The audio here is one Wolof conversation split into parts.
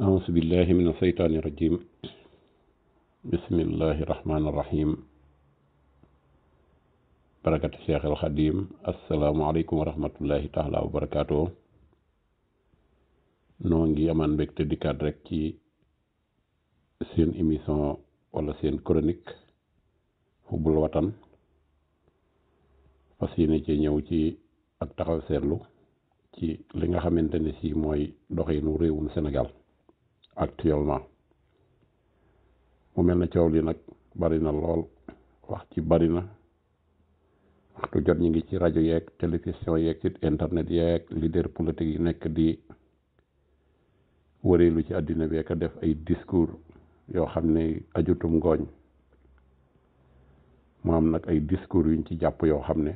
أعوذ بالله من الشيطان الرجيم بسم الله الرحمن الرحيم بركة الشيخ الخديم السلام عليكم ورحمة الله تعالى وبركاته ngi amaan mbég te dikkaat rek ci seen émission wala seen chronique xubbul watan fas ci ñëw ci ak taxaw seetlu ci li nga xamante ne si mooy doxinu réewum senegal actuellement mu mel na coow li nag bari na lool wax ci bari na waxtu jot ñi ngi ci rajo yeeg télévision yeeg ci internet yeeg leader politique yi nekk di wëreelu ci àddina beek a def ay discours yoo xam ne ajutum ngooñ mu am nag ay discours yuñ ci jàpp yoo xam ne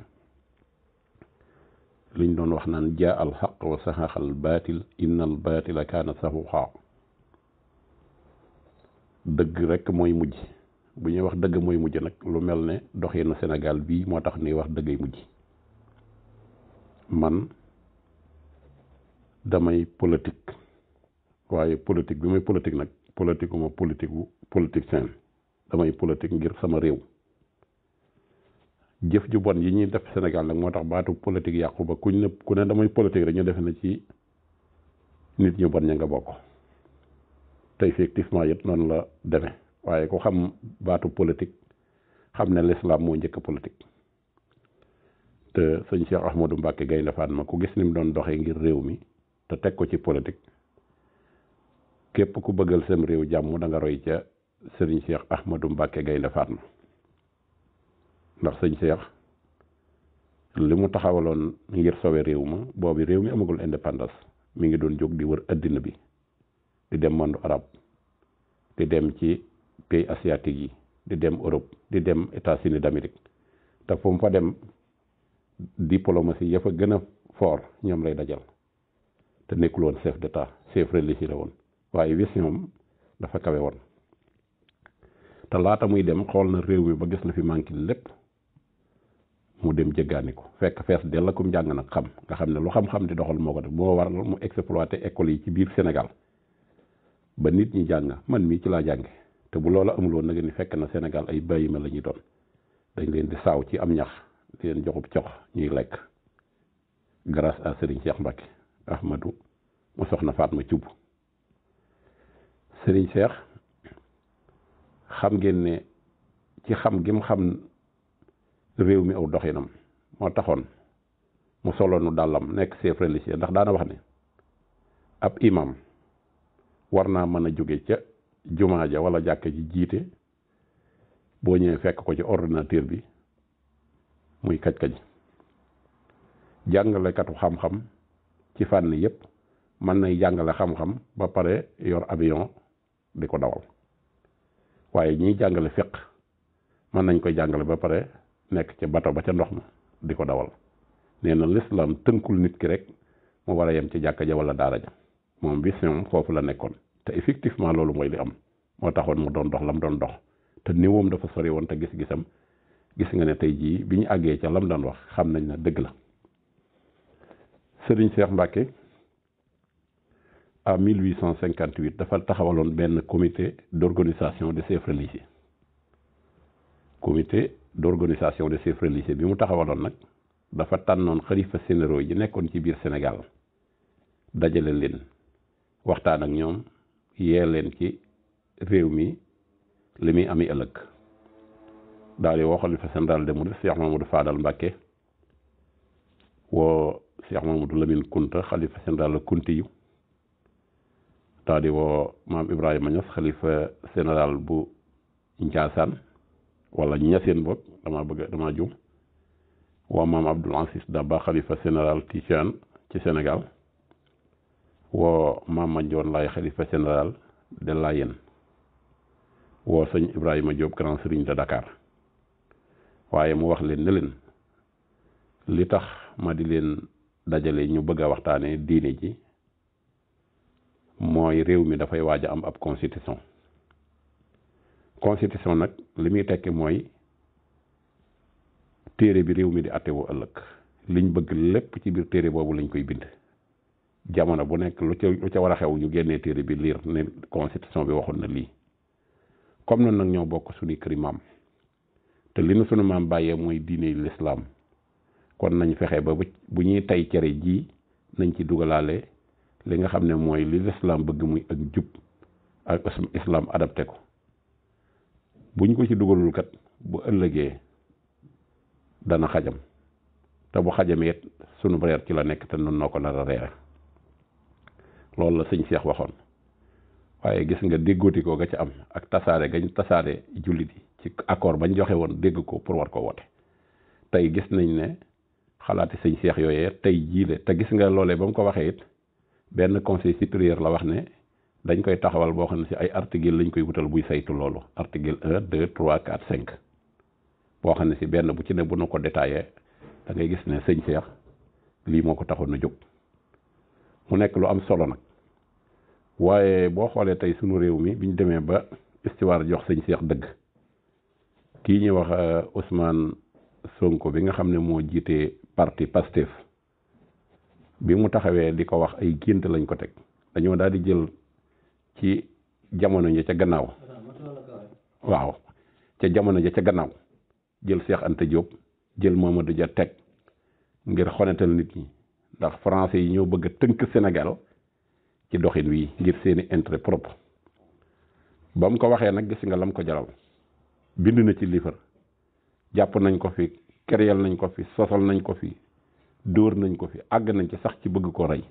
liñ doon wax naan jaa al xaq wa saxaxal baatil inna al baatila kaana saxuxaa dëgg rek mooy mujj bu ñuy wax dëgg mooy mujj nag lu mel ne doxinu Sénégal bii moo tax ñuy wax dëggay mujj man damay politique waaye politique bi may politique nag politique ma politique wu damay politique ngir sama réew jëf ju bon yi ñuy def Sénégal nag moo tax baatu politique yàqu ba kuñ ne ku ne damay politique rek ñu defe na ci nit ñu bon ña nga bokk. te effectivement tisma noonu la demee waaye ku xam baatu politique xam ne lislaam moo njëkk politique te sëñ Cheikh Ahmadou Mbacke Gaynde Fatma ku gis ni mu doon doxee ngir réew mi te teg ko ci politique képp ku bëggal sam réew jàmm da nga roy ca sëriñ Cheikh Ahmadou Mbacke Gaynde Fatma ndax sëñ Cheikh li mu taxawaloon ngir sowe réew ma boobu réew mi amagul indépendance mu ngi doon jóg di wër addina bi di dem monde arabe di dem ci pays asiatique yi di dem Europe di dem États-Unis d'Amérique te fu mu fa dem diplomatie ya fa gën a fort ñoom lay dajal te nekkul woon chef d'état chef religieux la woon waaye vision dafa kawe woon te laata muy dem xool na réew mi ba gis na fi manqué lépp mu dem jëggaani ko fekk fees dell la ko njàng nag xam nga xam ne lu xam-xam di doxal moo ko def moo waral mu exploité école yi ci biir Sénégal ba nit ñi jànga man mii ci laa jànge te bu loola amuloon nag ni fekk na senegal ay bàyyi ma la ñuy doon dañ leen di saaw ci am ñax di leen joxub cox ñuy lekk grâce à Serigne Cheikh Mbacke Ahmadou mu soxna Fatma Thioub Serigne Cheikh xam ngeen ne ci xam gi mu xam réew mi aw doxinam moo taxoon mu soloonu dàllam nekk chef religieux ndax daana wax ne ab imam war naa mën a jóge ca jumaa ja wala jàkka ji jiite boo ñëwee fekk ko ci ordinateur bi muy kaj-kaj jàngalekatu xam-xam ci fànn yépp mën nay jàngale xam-xam ba pare yor avion di ko dawal waaye ñiy jàngale fiq mën nañ koy jàngale ba pare nekk ca bato ba ca ndox ma di ko dawal nee na lislaam tënkul nit ki rek mu war a yem ci jàkka ja wala daara ja moom vision foofu la nekkoon te effectivement loolu mooy li am moo taxoon mu doon dox la mu doon dox te néewam dafa sori woon te gis-gisam gis nga ne tey jii bi ñu àggee ca lam daan wax xam nañ ne dëgg la Serigne Cheikh Mbacke à 1858 dafa taxawaloon benn comité d'organisation de chefs religieux comité d'organisation des chefs religieux bi mu taxawaloon nag dafa tànnoon xalifa généraux yi nekkoon ci biir Sénégal dajale leen waxtaan ak ñoom. yee leen ci réew mi li muy ami ëllëg daal di woo xalifa général de Mouride Cheikh Mamadou Fadal Mbacké woo Cheikh Mamadou Lamine Kunta xalifa général Kunti yu daal woo maam Ibrahima Niass xalifa général bu Ndiassane wala Niassène boog damaa bëgg damaa jum woo maam Abdoul Aziz Dabakh xalifa général Tidiane ci senegal woo Mame Mandione Laye xalifa général de Layène woo sëñ Ibrahima Diop grand serigne de Dakar waaye mu wax leen ne leen li tax ma di leen dajale ñu bëgg a waxtaanee diine ji mooy réew mi dafay waaj a am ab constitution constitution nag li muy tekki mooy téere bi réew mi di àttewoo ëllëg liñ bëgg lépp ci biir téere boobu lañ koy bind. jamono bu nekk lu ca lu ca war a xew ñu génnee téere bi liir ne constitution bi waxoon na lii comme noonu nag ñoo bokk suñu këri maam te li nu sunu maam bàyyee mooy diine lislaam kon nañ fexe ba bu ñuy tey cere jii nañ ci dugalaale li nga xam ne mooy li lislaam bëgg muy ak jub ak islaam adapté ko buñ ko ci dugalul kat bu ëllëgee dana xajam te bu xajamee it sunu reer ci la nekk te noon noo ko nar a reere loolu la sëñ Cheikh waxoon waaye gis nga déggooti ko ga ca am ak tasaare gañ tasaare jullit yi ci accord bañ joxe woon dégg ko pour war ko wote tey gis nañ ne xalaati sëñ Cheikh yooyee tey jii le te gis nga loolee ba mu ko waxee it benn conseil supérieur la wax ne dañ koy taxawal boo xam ne si ay article lañ koy wutal buy saytu loolu article un deux trois quatre cinq boo xam ne si benn bu ci ne bu nu ko détaillé dangay gis ne sëñ Cheikh lii moo ko taxoon a jóg. mu nekk lu am solo nag waaye boo xoolee tey sunu réew mi bi ñu demee ba istiwaar jox sañ Seex dëgg kii ñuy wax euh, Ousmane Sonko bi nga xam ne moo jiitee parti Pastef bi mu taxawee di ko wax ay gént lañ ko teg dañoo daal di jël ci jamono ja ca gannaaw waaw ca jamono ja ca gannaaw jël Seex Anta jël jël du ja teg ngir xonetal nit ñi ndax français yi ñoo bëgg tënk Sénégal ci doxin wi ngir seeni intérêt propre ba mu ko waxee nag gis nga lam ko jaral bind na ci livre jàpp nañ ko fi keryal nañ ko fi sosal nañ ko fi dóor nañ ko fi àgg nañ ci sax ci bëgg ko rey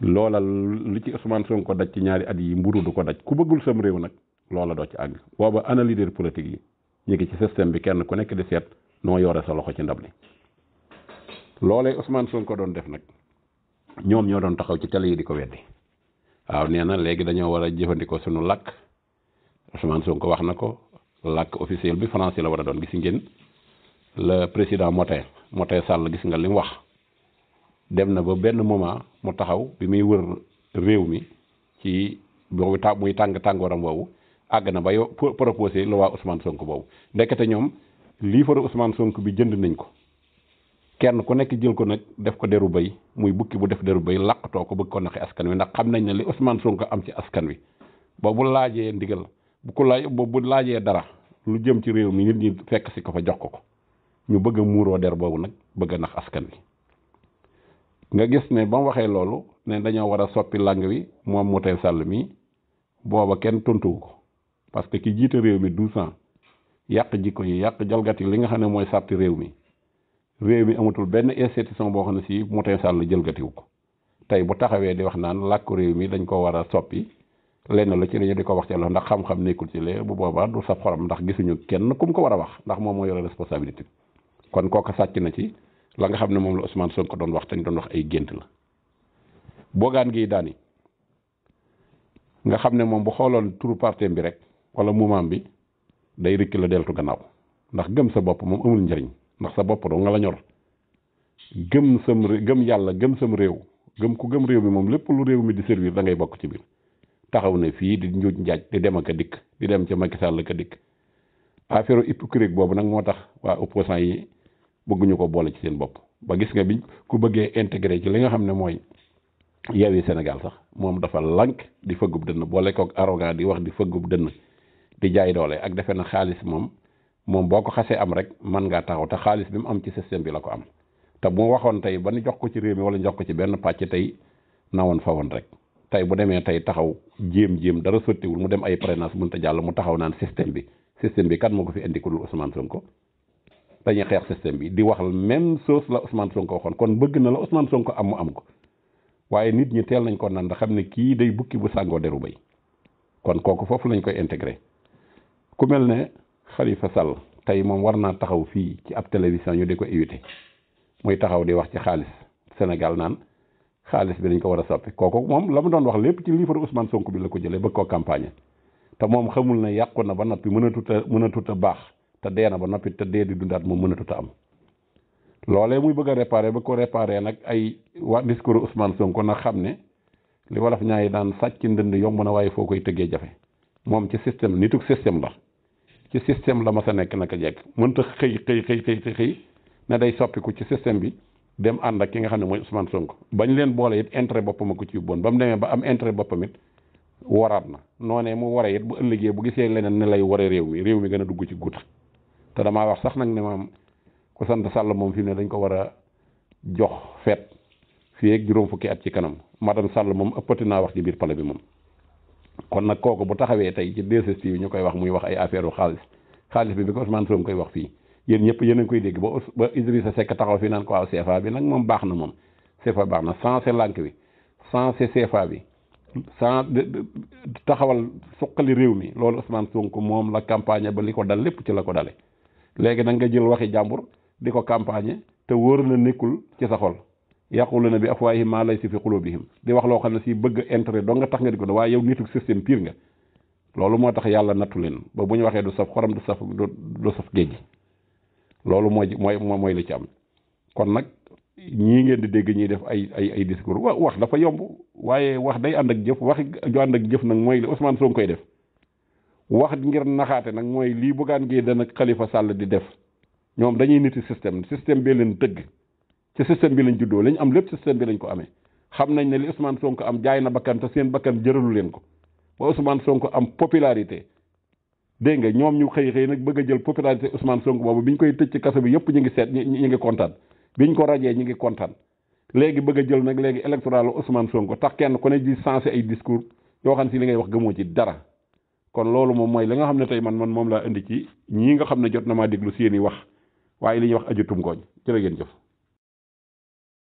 loola lu ci Ousmane Sonko daj ci ñaari at yi mburu du ko daj ku bëggul sam réew nag loola doo ci àgg booba ana leader politique yi ñu ngi ci système bi kenn ku nekk di seet noo yoore sa loxo ci ndab li loolee Ousmane Sonko doon def nag ñoom ñoo doon taxaw ci télé yi di ko weddi waaw nee na léegi dañoo war a jëfandikoo sunu làkk Ousmane Sonko wax na ko làkk officiel bi français la war a doon gis ngeen le président Motin Motin Sall gis nga li wax dem na ba benn moment mu taxaw bi wër réew mi ci boobu ta muy tàng tàngooram woowu àgg na ba yow proposé lu waa Ousmane Sonko boobu ndekete ñoom lii faru Ousmane Sonko bi jënd nañ ko. kenn ku nekk jël ko nag def ko deru bay muy bukki bu def deru bay làqatoo ko bëgg ko naxi askan wi ndax xam nañ ne li Ousmane Sonko am ci askan wi ba bu laajee ndigal bu ko laaj bu laajee dara lu jëm ci réew mi nit ñi fekk si ko fa jox ko ko ñu bëgg a muuroo der boobu nag bëgg a nax askan wi. nga gis ne ba waxee loolu ne dañoo war a soppi làng wi moom mu tey sàll mi booba kenn tontuwu ko parce que ki jiite réew mi douze ans yàq jikko yi yàq jalgati li nga xam ne mooy sàrti réew mi. réew mi amatul benn institution boo xam ne si Macky Sall jëlgatiwu ko tey bu taxawee di wax naan làkku réew mi dañ ko war a soppi lenn la ci dañu di ko wax ci la ndax xam-xam nekkul ci leer bu boobaa du saf xorom ndax gisuñu kenn ku mu ko war a wax ndax moom moo yore responsabilité kon kooka sàcc na ci la nga xam ne moom la Ousmane Sonko doon wax te ñu doon wax ay gént la boogaan gi daani nga xam ne moom bu xooloon turu parti bi rek wala mouvement bi day rëkk la deltu gannaaw ndax gëm sa bopp moom amul njëriñ ndax sa bopp doo nga la ñor gëm sam gëm yàlla gëm sam réew gëm ku gëm réew mi moom lépp lu réew mi di servir da ngay bokk ci biir taxaw ne fii di njuuj njaaj di dem ak a dikk di dem ca Macky Sall ak a dikk affaire hypocrite boobu nag moo tax waa opposants yi bëgguñu ko boole ci seen bopp ba gis nga bi ku bëggee intégré ci li nga xam ne mooy Yewwi Sénégal sax moom dafa lank di fëggub dënn boole kook arrogant di wax di fëggub dënn di jaay doole ak defe na xaalis moom moom boo ko xasee am rek mën ngaa taxaw te xaalis bi mu am ci système bi la ko am te bu waxoon tey ba ñu jox ko ci réew mi wala jox ko ci benn pàcc tey nawoon fa woon rek tey bu demee tey taxaw jéem-jéem dara sottiwul mu dem ay prénance mënut a jàll mu taxaw naan système bi système bi kan moo ko fi indi ku dul Ousmane Sonko dañuy xeex système bi di wax même chose la Ousmane Sonko waxoon kon bëgg na la Ousmane Sonko am mu am ko waaye nit ñi teel nañ ko naan da xam ne kii day bukki bu sàngoo deru bay kon kooku foofu lañ koy intégré ku Khalifa Sall tey moom war naa taxaw fii ci ab télévision ñu di ko invité muy taxaw di wax ci xaalis senegal naan xaalis bi dañ ko war a soppi kooku moom la mu doon wax lépp ci livre Ousmane Sonko bi la ko jëlee bëgg koo campagne te moom xamul na yàqu na ba noppi mënatut a baax te dee na ba noppi te dee di dundaat moom mënatut a am. loolee muy bëgg a réparé ba ko réparé nag ay waa discours Ousmane Sonko nag xam ne li wolof ñaay daan sàcc ndënd yomb na waaye foo koy tëggee jafe moom ci système nituk système la. ci système la ma sa nekk naka jekk mënta xëy xëy xëy xëy xëy ne day soppiku ci système bi dem ànd ak ki nga xam ne mooy Ousmane ba ñu leen boole it intérêt boppam ko ci bon ba mu demee ba am intérêt boppam it waraat na noonee mu waree it bu ëllëgee bu gisee leneen ne lay waree réew mi réew mi gën a dugg ci gut te damaa wax sax nag ne maam ku sant Sall moom fi mu ne dañ ko war a jox feet fii ak juróom fukki at ci kanam madame Sall moom ëppati naa wax ci biir pale bi moom. kon nag kooku bu taxawee tey ci 2 ñu koy wax muy wax ay affaire u xaalis xaalis bi bi ko Ousmane Sonko koy wax fii yéen ñëpp yéen a ngi koy dégg ba ba Idrissa Seck taxaw fii naan ko waaw CFA bi nag moom baax na moom CFA baax na sensé lànk bi sensé CFA bi sans taxawal suqali réew mi loolu Ousmane Sonko moom la campagne ba li ko dal lépp ci la ko dale léegi nag nga jël waxi jàmbur di ko campagne te wóor na nekkul ci sa xol na bi afwaahihim maa lay laysa fi qulubihim di wax loo xam ne si bëgg intérêt doo nga tax nga di ko da waaye yow nituk système pire nga loolu moo tax yàlla nattu leen ba bu ñu waxee du saf xorom du saf du saf géej gi loolu mooy mooy mooy la ci am kon nag ñii ngeen di dégg ñuy def ay ay ay discours wa wax dafa yomb waaye wax day ànd ak jëf wax ju ànd ak jëf nag mooy li Ousmane Sonko koy def wax ngir naxaate nag mooy lii Bougane Gueye dana Khalifa sàll di def ñoom dañuy niti système système bee leen tëgg ci système bi lañ juddoo lañ am lépp système bi lañ ko amee xam nañ ne li Ousmane sonk am jaay na bakkan te seen bakkan jëralu leen ko ba Ousmane sonk am popularité dégg nga ñoom ñu xëy xëy nag bëgg a jël popularité Ousmane Sonko boobu bi ñu koy tëj ci kaso bi yëpp ñu ngi seet ñu ngi kontaan bi ñu ko rajee ñu ngi kontaan léegi bëgg a jël nag léegi électoral Ousmane Sonko tax kenn ku ne di sensé ay discours yoo xam si li ngay wax gëmoo ci dara kon loolu moom mooy li nga xam ne tey man man moom laa indi ci ñii nga xam ne jot na maa déglu si yéen i wax waaye li ñuy wax ajutum gooñ jërë ngeen jëf